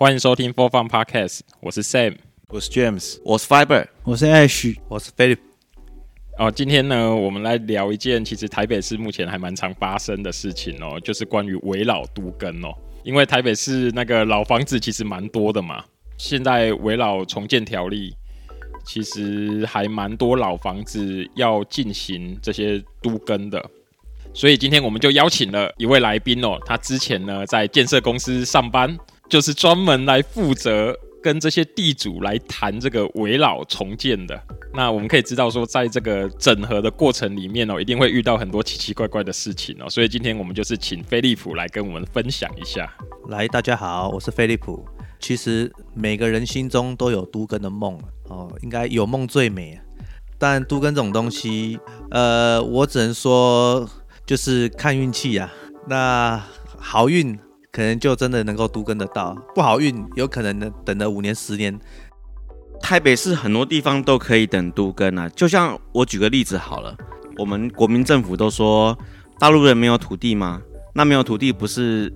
歡迎收聽播放 podcast，我是 Sam，我是 James，我是 Fiber，我是艾許，我是 Philip。哦，今天呢，我們來聊一件其實台北市目前還蠻常發生的事情哦，就是關於危老都更哦。因為台北市那個老房子其實蠻多的嘛，現在危老重建條例其實還蠻多老房子要進行這些都更的，所以今天我們就邀請了一位來賓哦，他之前呢在建設公司上班。就是專門來負責跟這些地主來談這個危老重建的。那我們可以知道說，在這個整合的過程裡面哦，一定會遇到很多奇奇怪怪的事情哦。所以今天我們就是請菲利普來跟我們分享一下。來，大家好，我是菲利普。其實每個人心中都有都更的夢哦，應該有夢最美。但都更這種東西，呃，我只能說就是看運氣呀。那好運。可能就真的能夠都更得到，不好運，有可能能等了五年、十年。台北市很多地方都可以等都更啊，就像我舉個例子好了，我們國民政府都說大陸人沒有土地嗎？那沒有土地不是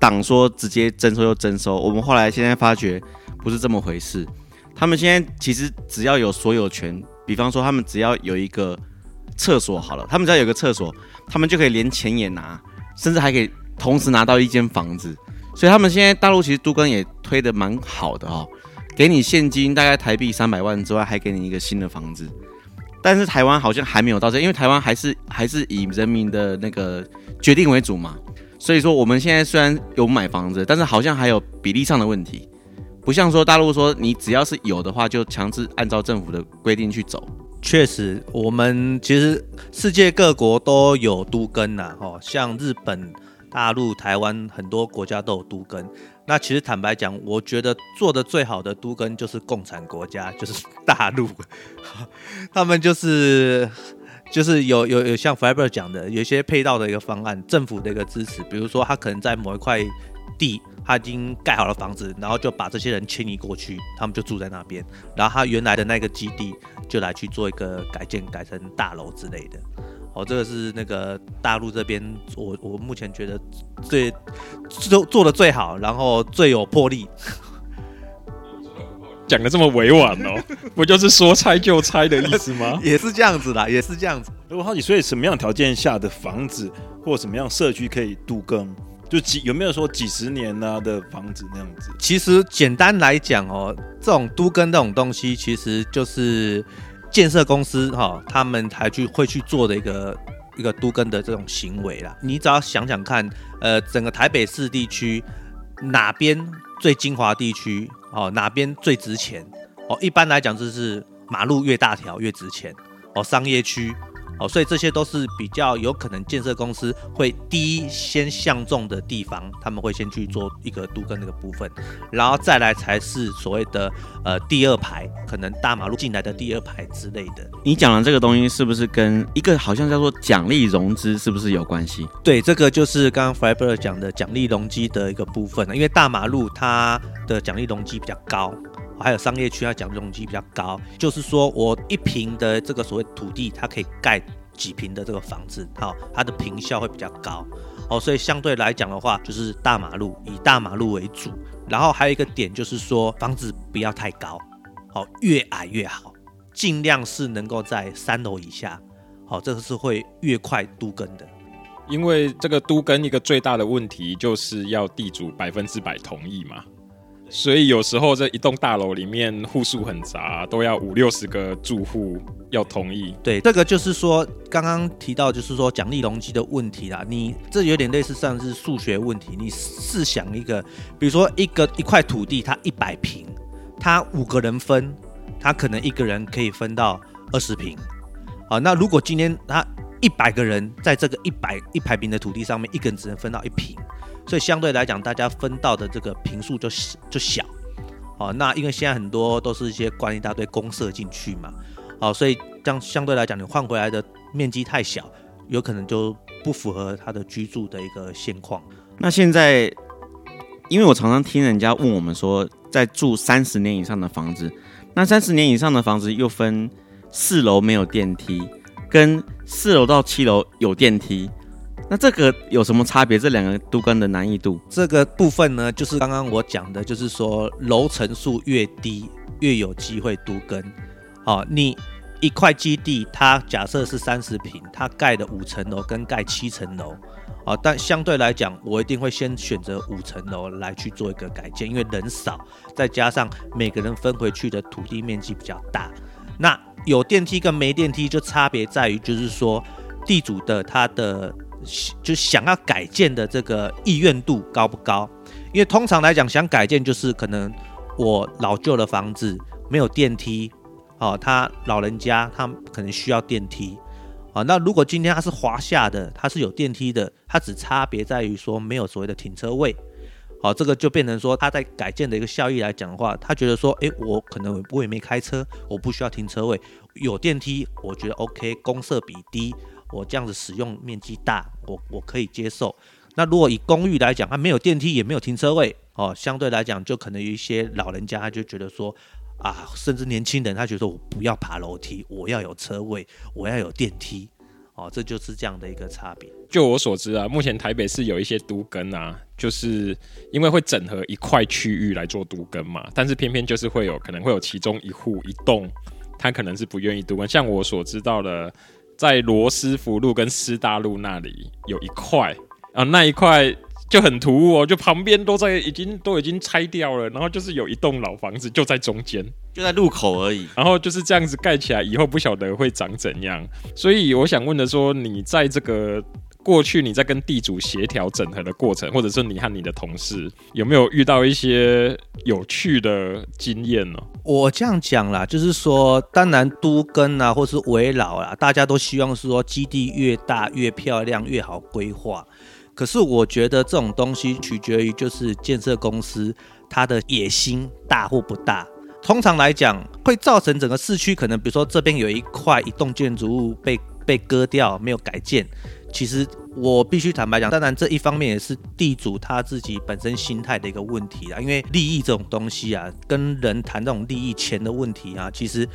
黨說直接徵收就徵收，我們後來現在發覺不是這麼回事。他們現在其實只要有所有權，比方說他們只要有一個廁所好了，他們只要有一個廁所，他們就可以連錢也拿，甚至還可以。同時拿到一間房子，所以他們現在大陸其實都更也推得蠻好的哦，給你現金大概台幣三百萬之外，還給你一個新的房子。但是台灣好像還沒有到這，因為台灣還是還是以人民的那個決定為主嘛，所以說我們現在雖然有買房子，但是好像還有比例上的問題，不像說大陸說你只要是有的話就強制按照政府的規定去走。確實，我們其實世界各國都有都更吶，哦，像日本，大陸、台灣很多國家都有都更，那其實坦白講，我覺得做得最好的都更就是共產國家，就是大陸， 他們就是就是有有有像 Fiber 講的，有一些配套的一個方案，政府的一個支持，比如說他可能在某一塊地，他已經蓋好了房子，然後就把這些人遷移過去，他們就住在那邊，然後他原來的那個基地就來去做一個改建，改成大樓之類的。哦，這個是那個大陸這邊，我我目前覺得最做做的最好，然後最有魄力，講的這麼委婉哦、喔， 不就是說拆就拆的意思嗎？也是這樣子啦，也是這樣子。如果好奇，所以什麼樣條件下的房子或什麼樣社區可以都更？就幾有沒有說幾十年呢？啊、的房子那樣子？其實簡單來講哦、喔，這種都更這種東西，其實就是。建設公司哈、哦，他們才去會去做的一個一個都更的這種行為啦。你只要想想看，呃，整個台北市地區哪邊最精華地區哦，哪邊最值錢哦？一般來講，就是馬路越大條越值錢哦，商業區。哦，所以這些都是比較有可能建設公司會第一先相中的地方，他們會先去做一個都更那個部分，然後再來才是所謂的呃第二排，可能大馬路進來的第二排之類的。你講的這個東西是不是跟一個好像叫做獎勵融資是不是有關係？對，這個就是剛剛 Faber 講的獎勵容積的一個部分，因為大馬路它的獎勵容積比較高。還有商業區要講容積比較高，就是說我一坪的這個所謂土地，它可以蓋幾坪的這個房子，好、哦，它的坪效會比較高，哦，所以相對來講的話，就是大馬路以大馬路為主，然後還有一個點就是說房子不要太高，好、哦，越矮越好，盡量是能夠在三樓以下，好、哦，這個是會越快都更的，因為這個都更一個最大的問題就是要地主百分之百同意嘛。所以有時候這一棟大樓裡面戶數很雜，都要五六十個住戶要同意。對，這個就是說剛剛提到就是說獎勵容積的問題啦。你這有點類似像是數學問題。你試想一個，比如說一個一塊土地它100，它一百坪，它五個人分，它可能一個人可以分到二十坪。好，那如果今天它一百個人在這個一百一百坪的土地上面，一個人只能分到一坪。所以相對來講，大家分到的這個坪數就就小。哦，那因為現在很多都是一些灌一大堆公設進去嘛。哦，所以這樣相對來講，你換回來的面積太小，有可能就不符合他的居住的一個現況。那現在，因為我常常聽人家問我們說，在住三十年以上的房子，那三十年以上的房子又分四樓沒有電梯，跟四樓到七樓有電梯。那這個有什麼差別？這兩個都更的難易度這個部分呢，就是剛剛我講的，就是說樓層數越低越有機會都更。好、哦，你一塊基地，它假設是三十坪，它蓋的五層樓跟蓋七層樓，好、哦，但相對來講，我一定會先選擇五層樓來去做一個改建，因為人少，再加上每個人分回去的土地面積比較大。那有電梯跟沒電梯就差別在於，就是說地主的他的。就想要改建的這個意願度高不高？因為通常來講，想改建就是可能我老舊的房子沒有電梯，哦，他老人家他可能需要電梯，啊，那如果今天他是華廈的，他是有電梯的，他只差別在於說沒有所謂的停車位，哦，這個就變成說他在改建的一個效益來講的話，他覺得說，誒，我可能我也沒開車，我不需要停車位，有電梯，我覺得 OK，公設比低。我這樣子使用面積大，我我可以接受。那如果以公寓來講，它沒有電梯，也沒有停車位，哦，相對來講就可能有一些老人家他就覺得說，啊，甚至年輕人他覺得我不要爬樓梯，我要有車位，我要有電梯，哦，這就是這樣的一個差別。就我所知啊，目前台北市有一些都更啊，就是因為會整合一塊區域來做都更嘛，但是偏偏就是會有可能會有其中一戶一棟，他可能是不願意都更，像我所知道的。在羅斯福路跟師大路那裡有一塊啊，那一塊就很突兀喔，就旁邊都在已經都已經拆掉了，然後就是有一棟老房子就在中間，就在路口而已，然後就是這樣子蓋起來，以後不曉得會長怎樣。所以我想問的說，你在這個。過去你在跟地主協調整合的過程，或者是你和你的同事有沒有遇到一些有趣的經驗呢？我這樣講啦，就是說，當然都更啊，或是危老啊，大家都希望是說基地越大越漂亮越好規劃。可是我覺得這種東西取決於就是建設公司它的野心大或不大。通常來講，會造成整個市區，可能比如說這邊有一塊一棟建築物被被割掉，沒有改建。其實我必須坦白講，當然這一方面也是地主他自己本身心態的一個問題啦。因為利益這種東西啊，跟人談這種利益錢的問題啊，其實，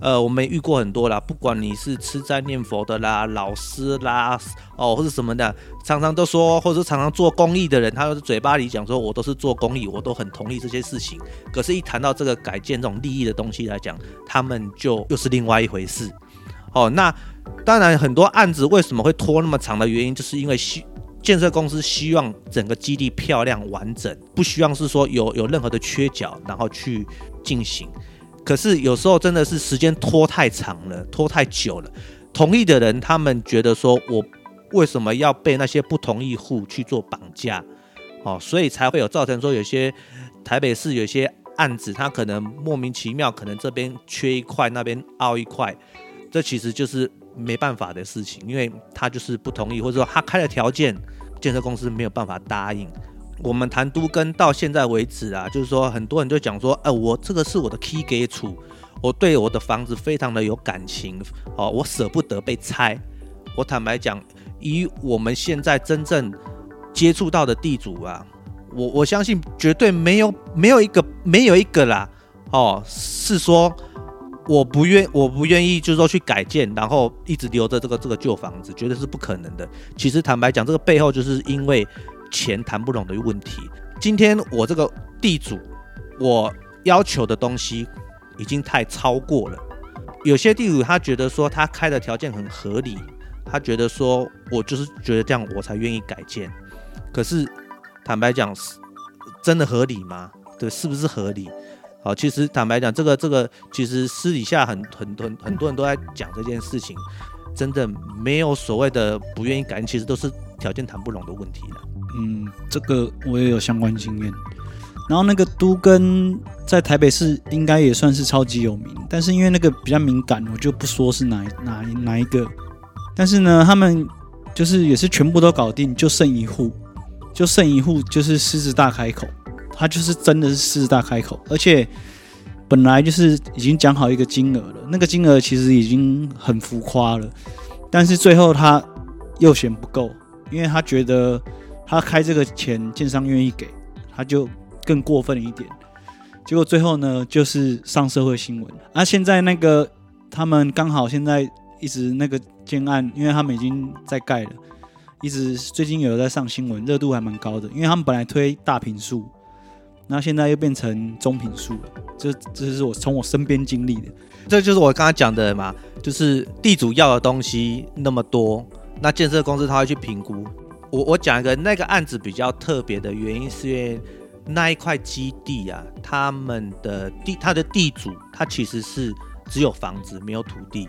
呃，我們遇過很多啦。不管你是吃齋念佛的啦、老師啦、哦或者什麼的，常常都說，或者是常常做公益的人，他都是嘴巴裡講說我都是做公益，我都很同意這些事情。可是，一談到這個改建這種利益的東西來講，他們就又是另外一回事。哦，那。當然，很多案子為什麼會拖那麼長的原因，就是因為希建設公司希望整個基地漂亮完整，不希望是說有有任何的缺角，然後去進行。可是有時候真的是時間拖太長了，拖太久了，同意的人他們覺得說，我為什麼要被那些不同意戶去做綁架？哦，所以才會有造成說，有些台北市有些案子，它可能莫名其妙，可能這邊缺一塊，那邊凹一塊，這其實就是。沒辦法的事情，因為他就是不同意，或者說他開了條件，建設公司沒有辦法答應。我們談都更到現在為止啊，就是說很多人就講說，呃，我這個是我的 key 給主，我對我的房子非常的有感情，哦，我捨不得被拆。我坦白講，以我們現在真正接觸到的地主啊，我我相信絕對沒有沒有一個沒有一個啦，哦，是說。我不願，我不願意，就是說去改建，然後一直留着這個這個舊房子，絕對是不可能的。其實坦白講，這個背後就是因為錢談不攏的問題。今天我這個地主，我要求的東西已經太超過了。有些地主他覺得說他開的條件很合理，他覺得說我就是覺得這樣我才願意改建。可是坦白講，是真的合理嗎？對，是不是合理？好，其實坦白講，這個這個其實私底下很很多很很多人都在講這件事情，真的沒有所謂的不願意改，其實都是條件談不攏的問題啦。嗯，這個我也有相關經驗。然後那個都更在台北市應該也算是超級有名，但是因為那個比較敏感，我就不說是哪哪哪一個。但是呢，他們就是也是全部都搞定，就剩一戶，就剩一戶就是獅子大開口。他就是真的是獅子大開口，而且本來就是已經講好一個金額了，那個金額其實已經很浮誇了，但是最後他又嫌不夠，因為他覺得他開這個錢，建商願意給，他就更過分一點。結果最後呢，就是上社會新聞。啊現在那個他們剛好現在一直那個建案，因為他們已經在蓋了，一直最近有在上新聞，熱度還蠻高的，因為他們本來推大坪數，那現在又變成中品數了，這這、就是我從我身邊經歷的，這就是我剛剛講的嘛，就是地主要的東西那麼多，那建設公司他會去評估。我我講一個那個案子比較特別的原因，是因為那一塊基地啊，他們的地，他的地主他其實是只有房子沒有土地。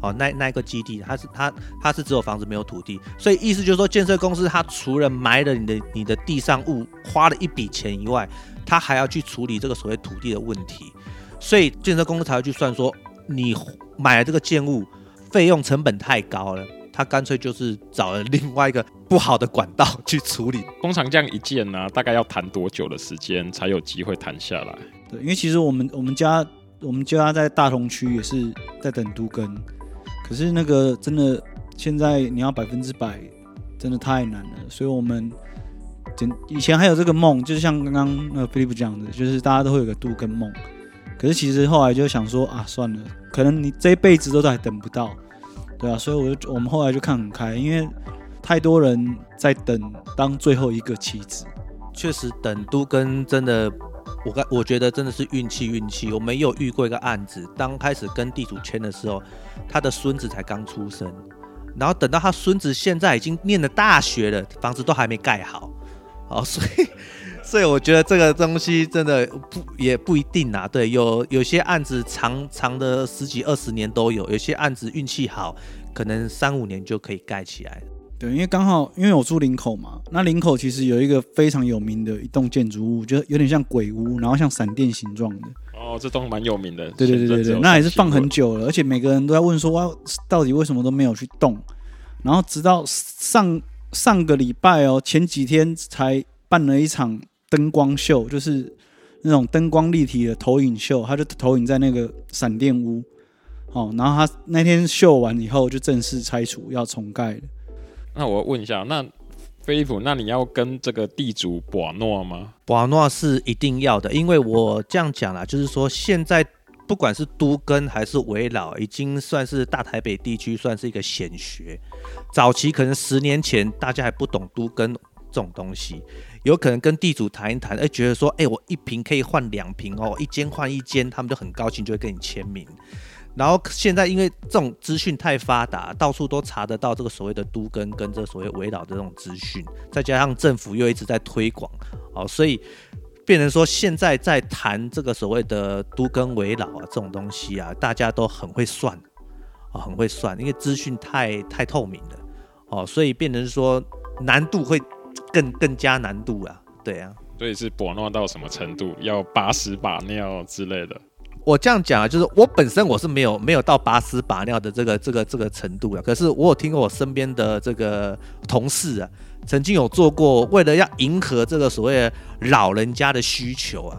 哦，那那一個基地，它是它它是只有房子沒有土地，所以意思就是說，建設公司它除了買了你的你的地上物，花了一筆錢以外，他還要去處理這個所謂土地的問題，所以建設公司才會去算說，你買了這個建物，費用成本太高了，他乾脆就是找了另外一個不好的管道去處理。通常這樣一件呢、啊，大概要談多久的時間才有機會談下來？對，因為其實我們我們家我們家在大同區也是在等都更。可是那個真的，現在你要百分之百，真的太難了。所以我們，以前還有這個夢，就是像剛剛那個菲利普講的，就是大家都會有個都更夢。可是其實後來就想說啊，算了，可能你這一輩子都還等不到，對啊。所以我就我們後來就看很開，因為太多人在等當最後一個棋子，確實等都更真的。我感我覺得真的是運氣，運氣。我沒有遇過一個案子，剛開始跟地主簽的時候，他的孫子才剛出生，然後等到他孫子現在已經唸了大學了，房子都還沒蓋好，好，所以，所以我覺得這個東西真的不也不一定啊。對，有有些案子長長的十幾二十年都有，有些案子運氣好，可能三五年就可以蓋起來。對，因為剛好因為我住林口嘛，那林口其實有一個非常有名的一棟建築物，就有點像鬼屋，然後像閃電形狀的。哦，這棟蠻有名的。對對對對對，那也是放很久了，而且每個人都在問說，哇，到底為什麼都沒有去動？然後直到上上個禮拜哦，前幾天才辦了一場燈光秀，就是那種燈光立體的投影秀，它就投影在那個閃電屋。哦，然後他那天秀完以後就正式拆除，要重蓋了。那我問一下，那菲利那你要跟這個地主博諾嗎？博諾是一定要的，因為我這樣講啦，就是說現在不管是都更還是危老，已經算是大台北地區算是一個顯學。早期可能十年前大家還不懂都更這種東西，有可能跟地主談一談，哎，覺得說，哎、欸，我一瓶可以換兩瓶哦，一間換一間，他們就很高興，就會跟你簽名。然後現在因為這種資訊太發達，到處都查得到這個所謂的都更跟這所謂危老的這種資訊，再加上政府又一直在推廣，哦，所以變成說現在在談這個所謂的都更危老啊這種東西啊，大家都很會算，哦、很會算，因為資訊太太透明了，哦，所以變成說難度會更更加難度啊，對啊，所以是薄弱到什麼程度，要把屎把尿之類的。我這樣講啊，就是我本身我是沒有沒有到把屎把尿的這個這個這個程度的。可是我有聽過我身邊的這個同事啊，曾經有做過，為了要迎合這個所謂老人家的需求啊，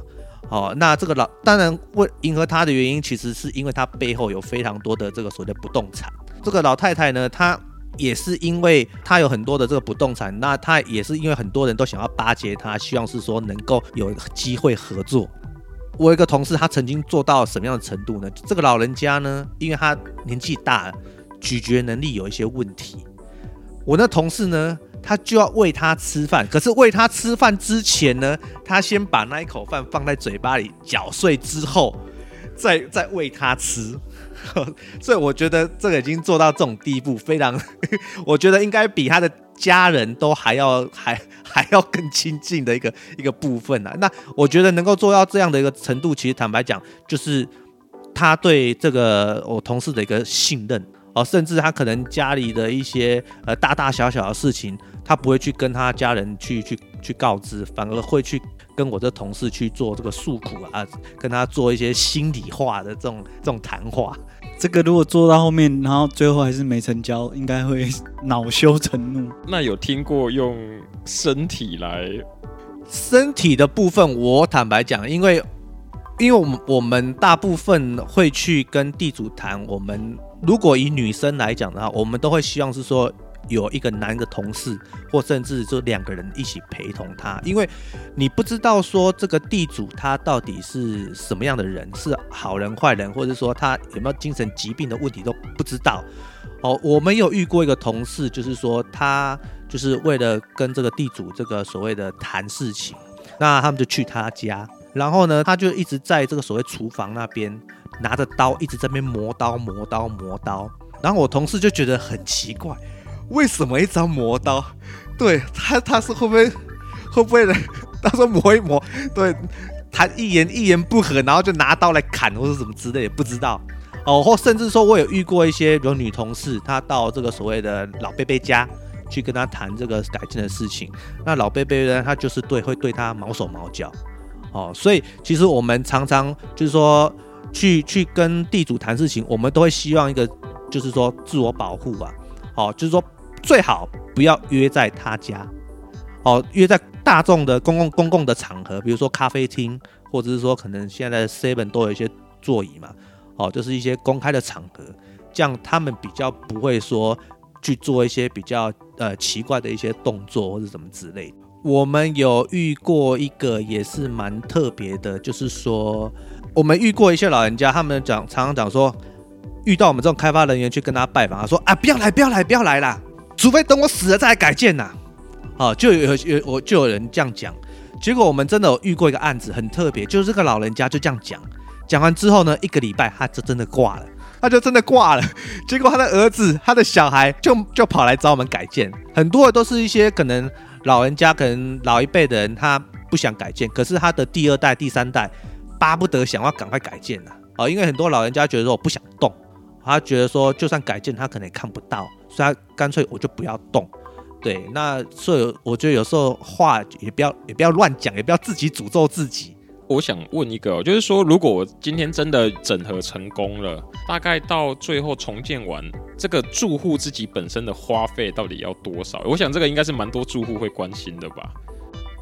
哦，那這個老當然為迎合他的原因，其實是因為他背後有非常多的這個所謂的不動產。這個老太太呢，她也是因為她有很多的這個不動產，那她也是因為很多人都想要巴結她，希望是說能夠有機會合作。我有一個同事，他曾經做到什麼樣的程度呢？這個老人家呢，因為他年紀大了，咀嚼能力有一些問題。我那同事呢，他就要餵他吃飯，可是餵他吃飯之前呢，他先把那一口飯放在嘴巴裡攪碎之後，再再餵他吃。 所以我覺得這個已經做到這種地步，非常， 我覺得應該比他的家人都還要還還要更親近的一個一個部分呢、啊。那我覺得能夠做到這樣的一個程度，其實坦白講，就是他對這個我同事的一個信任哦，甚至他可能家裡的一些呃大大小小的事情，他不會去跟他家人去去去告知，反而會去跟我的同事去做這個訴苦啊，跟他做一些心裡話的這種這種談話。這個如果做到後面，然後最後還是沒成交，應該會惱羞成怒。那有聽過用身體來？身體的部分，我坦白講，因為，因為我們我們大部分會去跟地主談。我們如果以女生來講的話，我們都會希望是說，有一個男的同事，或甚至就兩個人一起陪同他，因為你不知道說這個地主他到底是什麼樣的人，是好人壞人，或者說他有沒有精神疾病的問題都不知道。哦，我們有遇過一個同事，就是說他就是為了跟這個地主這個所謂的談事情，那他們就去他家，然後呢，他就一直在這個所謂廚房那邊拿着刀，一直在那邊磨刀磨刀磨刀，然後我同事就覺得很奇怪。為什麼一直磨刀？對他，他是會不會會不會呢？他說磨一磨。對，他一言一言，不合，然後就拿刀來砍，或是什麼之類的，不知道。哦，或甚至說我有遇過一些，比如女同事，她到這個所謂的老伯伯家去跟他談這個改進的事情。那老伯伯呢？他就是對，會對他毛手毛腳。哦，所以其實我們常常就是說去去跟地主談事情，我們都會希望一個就是說自我保護吧。哦，就是說。最好不要約在他家，哦，約在大眾的公共公共的場合，比如說咖啡廳，或者是說可能現在的 seven 都有一些座椅嘛，哦，就是一些公開的場合，這樣他們比較不會說去做一些比較呃奇怪的一些動作或者什麼之類的。我們有遇過一個也是蠻特別的，就是說我們遇過一些老人家，他們講常常講說遇到我們這種開發人員去跟他拜訪，他說啊，不要來，不要來，不要來啦。除非等我死了再來改建吶，啊，啊，哦，就有有有，我就有人這樣講。結果我們真的有遇過一個案子，很特別，就是這個老人家就這樣講，講完之後呢，一個禮拜他就真的掛了，他就真的掛了。結果他的兒子、他的小孩就就跑來找我們改建。很多的都是一些可能老人家、可能老一輩的人，他不想改建，可是他的第二代、第三代巴不得想要趕快改建吶，啊，啊，哦，因為很多老人家覺得說我不想動。他覺得說，就算改建，他可能也看不到，所以他乾脆我就不要動。對，那所以我覺得有時候話也不要，也不要亂講，也不要自己詛咒自己。我想問一個，就是說，如果我今天真的整合成功了，大概到最後重建完，這個住戶自己本身的花費到底要多少？我想這個應該是蠻多住戶會關心的吧。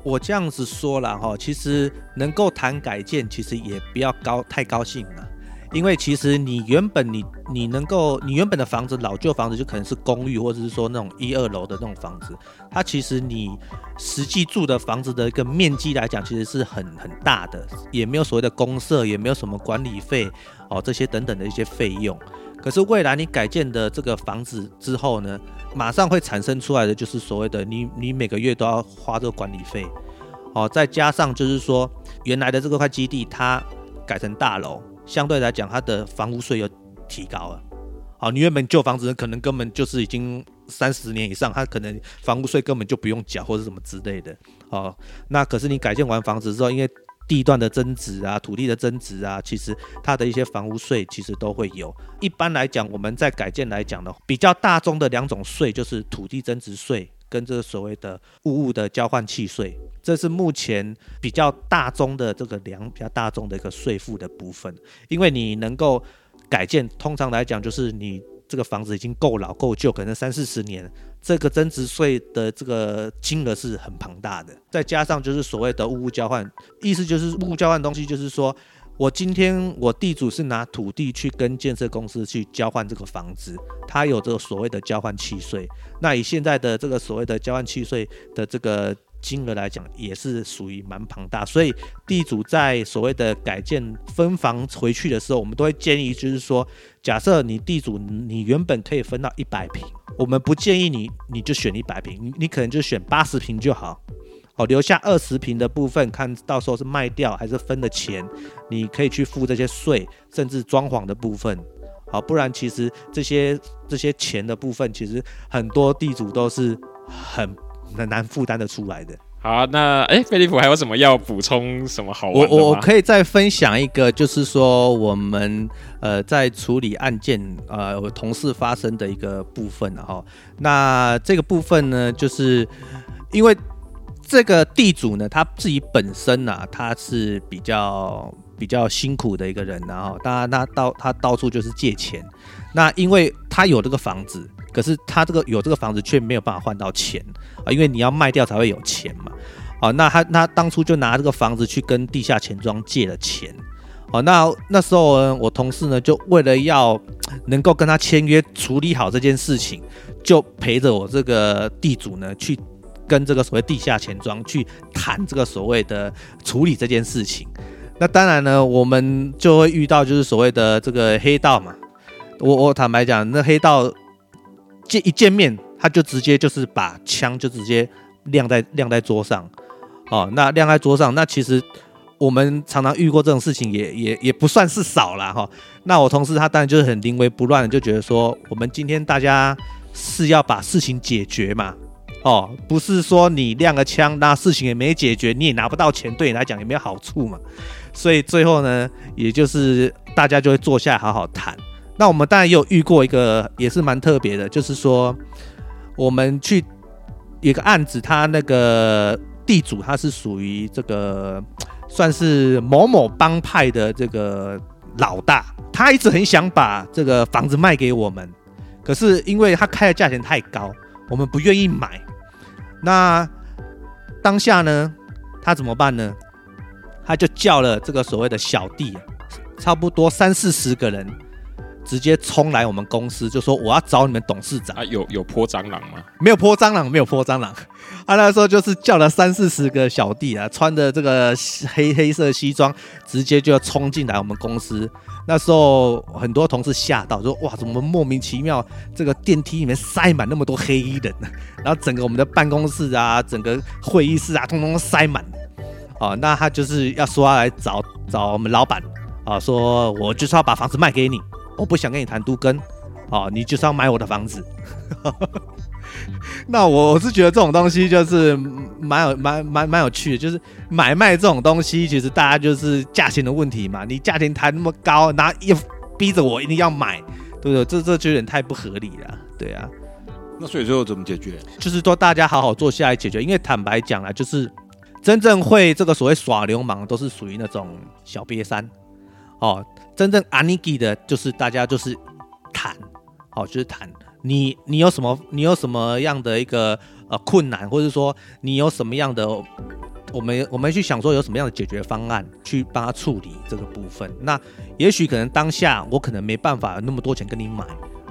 我這樣子說了哈，其實能夠談改建，其實也不要高太高興了。因為其實你原本你你能夠你原本的房子老舊房子就可能是公寓或者是說那種一二樓的那種房子，它其實你實際住的房子的一個面積來講其實是很很大的，也沒有所謂的公設，也沒有什麼管理費哦這些等等的一些費用。可是未來你改建的這個房子之後呢，馬上會產生出來的就是所謂的你你每個月都要花這個管理費哦，再加上就是說原來的這個塊基地它改成大樓。相對來講，它的房屋稅又提高了。好，你原本舊房子可能根本就是已經三十年以上，它可能房屋稅根本就不用繳或者什麼之類的。好，那可是你改建完房子之後，因為地段的增值啊、土地的增值啊，其實它的一些房屋稅其實都會有。一般來講，我們在改建來講呢，比較大宗的兩種稅就是土地增值稅。跟這個所謂的物物的交換契稅，這是目前比較大宗的這個量，比較大宗的一個稅負的部分。因為你能夠改建，通常來講就是你這個房子已經夠老夠舊，可能三四十年，這個增值稅的這個金額是很龐大的。再加上就是所謂的物物交換，意思就是物物交換東西，就是說。我今天我地主是拿土地去跟建設公司去交換這個房子，他有這個所謂的交換契稅。那以現在的這個所謂的交換契稅的這個金額來講，也是屬於蠻龐大。所以地主在所謂的改建分房回去的時候，我們都會建議，就是說，假設你地主你原本可以分到一百坪，我們不建議你你就選一百坪，你你可能就選八十坪就好。哦，留下二十坪的部分，看到時候是賣掉還是分的錢，你可以去付這些稅，甚至裝潢的部分。好，不然其實這些這些錢的部分，其實很多地主都是很,很難負擔得出來的。好、啊，那哎，菲、欸、利浦還有什麼要補充？什麼好玩？我我可以再分享一個，就是說我們呃在處理案件呃我同事發生的一個部分哈、啊哦。那這個部分呢，就是因為。這個地主呢，他自己本身呢、啊，他是比較比較辛苦的一個人，然後他，他他到他到處就是借錢。那因為他有這個房子，可是他這個有這個房子卻沒有辦法換到錢啊，因為你要賣掉才會有錢嘛。啊，那他那當初就拿這個房子去跟地下錢莊借了錢。哦、啊，那那時候呢，我同事呢，就為了要能夠跟他簽約處理好這件事情，就陪着我這個地主呢去跟這個所謂地下錢莊去談這個所謂的處理這件事情，那當然呢，我們就會遇到就是所謂的這個黑道嘛。我我坦白講，那黑道見一見面，他就直接就是把槍就直接亮在亮在桌上，哦，那亮在桌上，那其實我們常常遇過這種事情也，也也也不算是少了哈、哦。那我同事他當然就是很臨危不亂，就覺得說我們今天大家是要把事情解決嘛。哦，不是說你亮個槍，那事情也沒解決，你也拿不到錢，對你來講也沒有好處嘛。所以最後呢，也就是大家就會坐下來好好談。那我們當然也有遇過一個也是蠻特別的，就是說我們去一個案子，他那個地主他是屬於這個算是某某幫派的這個老大，他一直很想把這個房子賣給我們，可是因為他開的價錢太高，我們不願意買。那當下呢？他怎麼辦呢？他就叫了這個所謂的小弟，差不多三四十個人。直接衝來我們公司就說我要找你們董事長啊！有有潑蟑螂嗎？沒有潑蟑螂，沒有潑蟑螂。他啊，那時候就是叫了三四十個小弟啊，穿着這個黑黑色西裝，直接就要衝進來我們公司。那時候很多同事嚇到，說哇，怎麼莫名其妙這個電梯裡面塞滿那麼多黑衣人？然後整個我們的辦公室啊，整個會議室啊，通通都塞滿。哦，那他就是要說要來找找我們老板啊，說我就是要把房子賣給你。我不想跟你談都更哦，你就是要買我的房子。 那我是覺得這種東西就是蠻有蠻蠻蠻有趣的，就是買賣這種東西，其實大家就是價錢的問題嘛。你價錢談那麼高，然後逼着我一定要買，對不對？這這就有點太不合理了，對啊。那所以最後怎麼解決？就是說大家好好坐下來解決。因為坦白講啊，就是真正會這個所謂耍流氓，都是屬於那種小癟三。哦，真正安尼給的就是大家就是談，好、哦，就是談你你有什麼你有什麼樣的一個呃困難，或者說你有什麼樣的我們我們去想說有什麼樣的解決方案去幫他處理這個部分。那也許可能當下我可能沒辦法那麼多錢跟你買，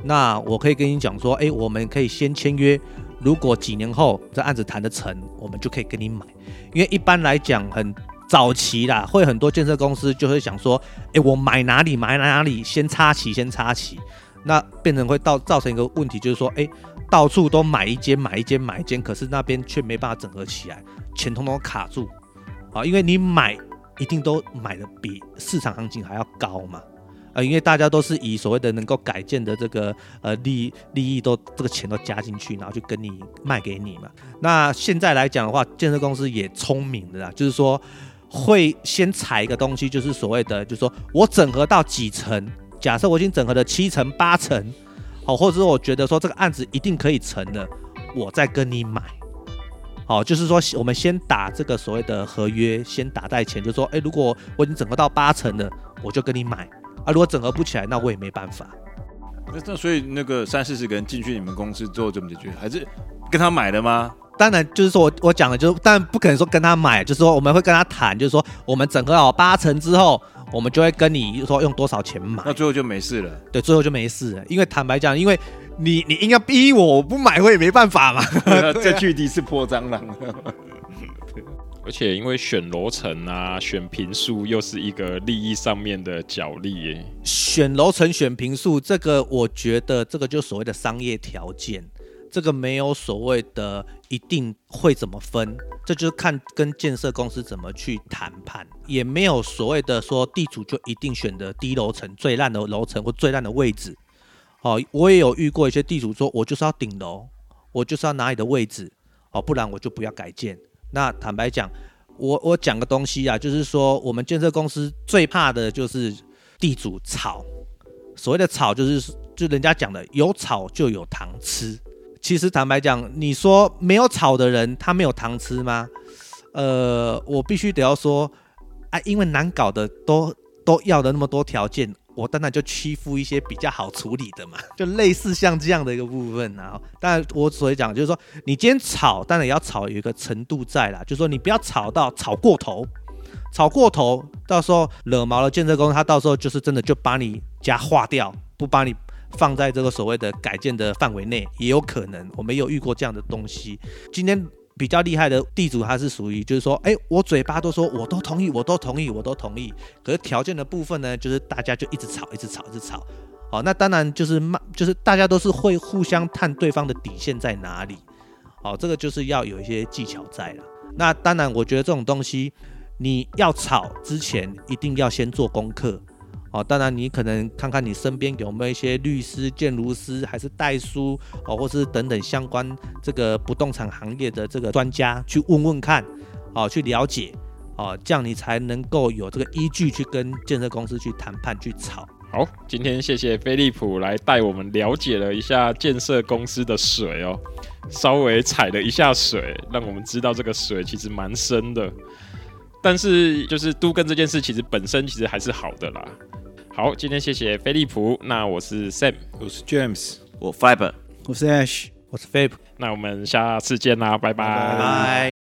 那我可以跟你講說，誒、欸，我們可以先簽約，如果幾年後這案子談得成，我們就可以跟你買，因為一般來講很。早期啦，會很多建設公司就會想說，哎、欸，我買哪裡買哪裡，先插旗先插旗，那變成會到造成一個問題，就是說，哎、欸，到處都買一間買一間買一間，可是那邊卻沒辦法整合起來，錢通通卡住啊，因為你買一定都買得比市場行情還要高嘛，啊，因為大家都是以所謂的能夠改建的這個呃利利益都這個錢都加進去，然後就跟你賣給你嘛。那現在來講的話，建設公司也聰明的啦，就是說。會先踩一個東西，就是所謂的，就是說我整合到幾層，假設我已經整合了七層、八層，好、哦，或者說我覺得說這個案子一定可以成了，我再跟你買，好、哦，就是說我們先打這個所謂的合約，先打在前，就是、說，哎，如果我已經整合到八層了，我就跟你買，啊，如果整合不起來，那我也沒辦法。那那所以那個三四十個人進去你們公司之後怎麼解決？還是跟他買的嗎？當然，就是說我我講的，就是當然不可能說跟他買，就是說我們會跟他談，就是說我們整合好八成之後，我們就會跟你說用多少錢買，那最後就沒事了。對，最後就沒事了，因為坦白講，因為你你硬要逼我，我不買，我也沒辦法嘛。這、啊 啊、具體是破蟑螂。 而且因為選樓層啊，選坪數又是一個利益上面的角力耶。選樓層、選坪數，這個我覺得這個就所謂的商業條件。這個沒有所謂的一定會怎麼分，這就是看跟建設公司怎麼去談判。也沒有所謂的說地主就一定選擇低樓層最爛的樓層或最爛的位置。哦，我也有遇過一些地主說，我就是要頂樓，我就是要哪裡的位置，哦，不然我就不要改建。那坦白講，我我講個東西啊，就是說我們建設公司最怕的就是地主吵。所謂的吵就是就人家講的有吵就有糖吃。其實坦白講，你說沒有吵的人，他沒有糖吃嗎？呃，我必須得要說，啊，因為難搞的都都要的那麼多條件，我當然就欺負一些比較好處理的嘛，就類似像這樣的一個部分。啊。當但我所以講就是說，你今天吵當然也要吵有一個程度在啦，就是說你不要吵到吵過頭，吵過頭，到時候惹毛了建設公司，他到時候就是真的就把你家劃掉，不幫你。放在這個所謂的改建的範圍內也有可能，我沒有遇過這樣的東西。今天比較厲害的地主，他是屬於就是說，誒，我嘴巴都說我都同意，我都同意，我都同意，可是條件的部分呢，就是大家就一直吵，一直吵，一直吵。好，那當然就是慢，就是大家都是會互相探對方的底線在哪裡。好，這個就是要有一些技巧在了。那當然，我覺得這種東西你要吵之前，一定要先做功課。哦，當然，你可能看看你身邊有沒有一些律師、建築師、還是代書哦，或是等等相關這個不動產行業的這個專家去問問看，哦，去了解，哦，這樣你才能夠有這個依據去跟建設公司去談判、去吵。好，今天謝謝菲利普來帶我們了解了一下建設公司的水哦，稍微踩了一下水，讓我們知道這個水其實蠻深的。但是就是都更這件事，其實本身其實還是好的啦。好，今天謝謝飛利浦，那我是 Sam，我是 James，我 Fiber，我是 Ash，我是 Fib。那我們下次見啦，拜拜。拜拜拜拜。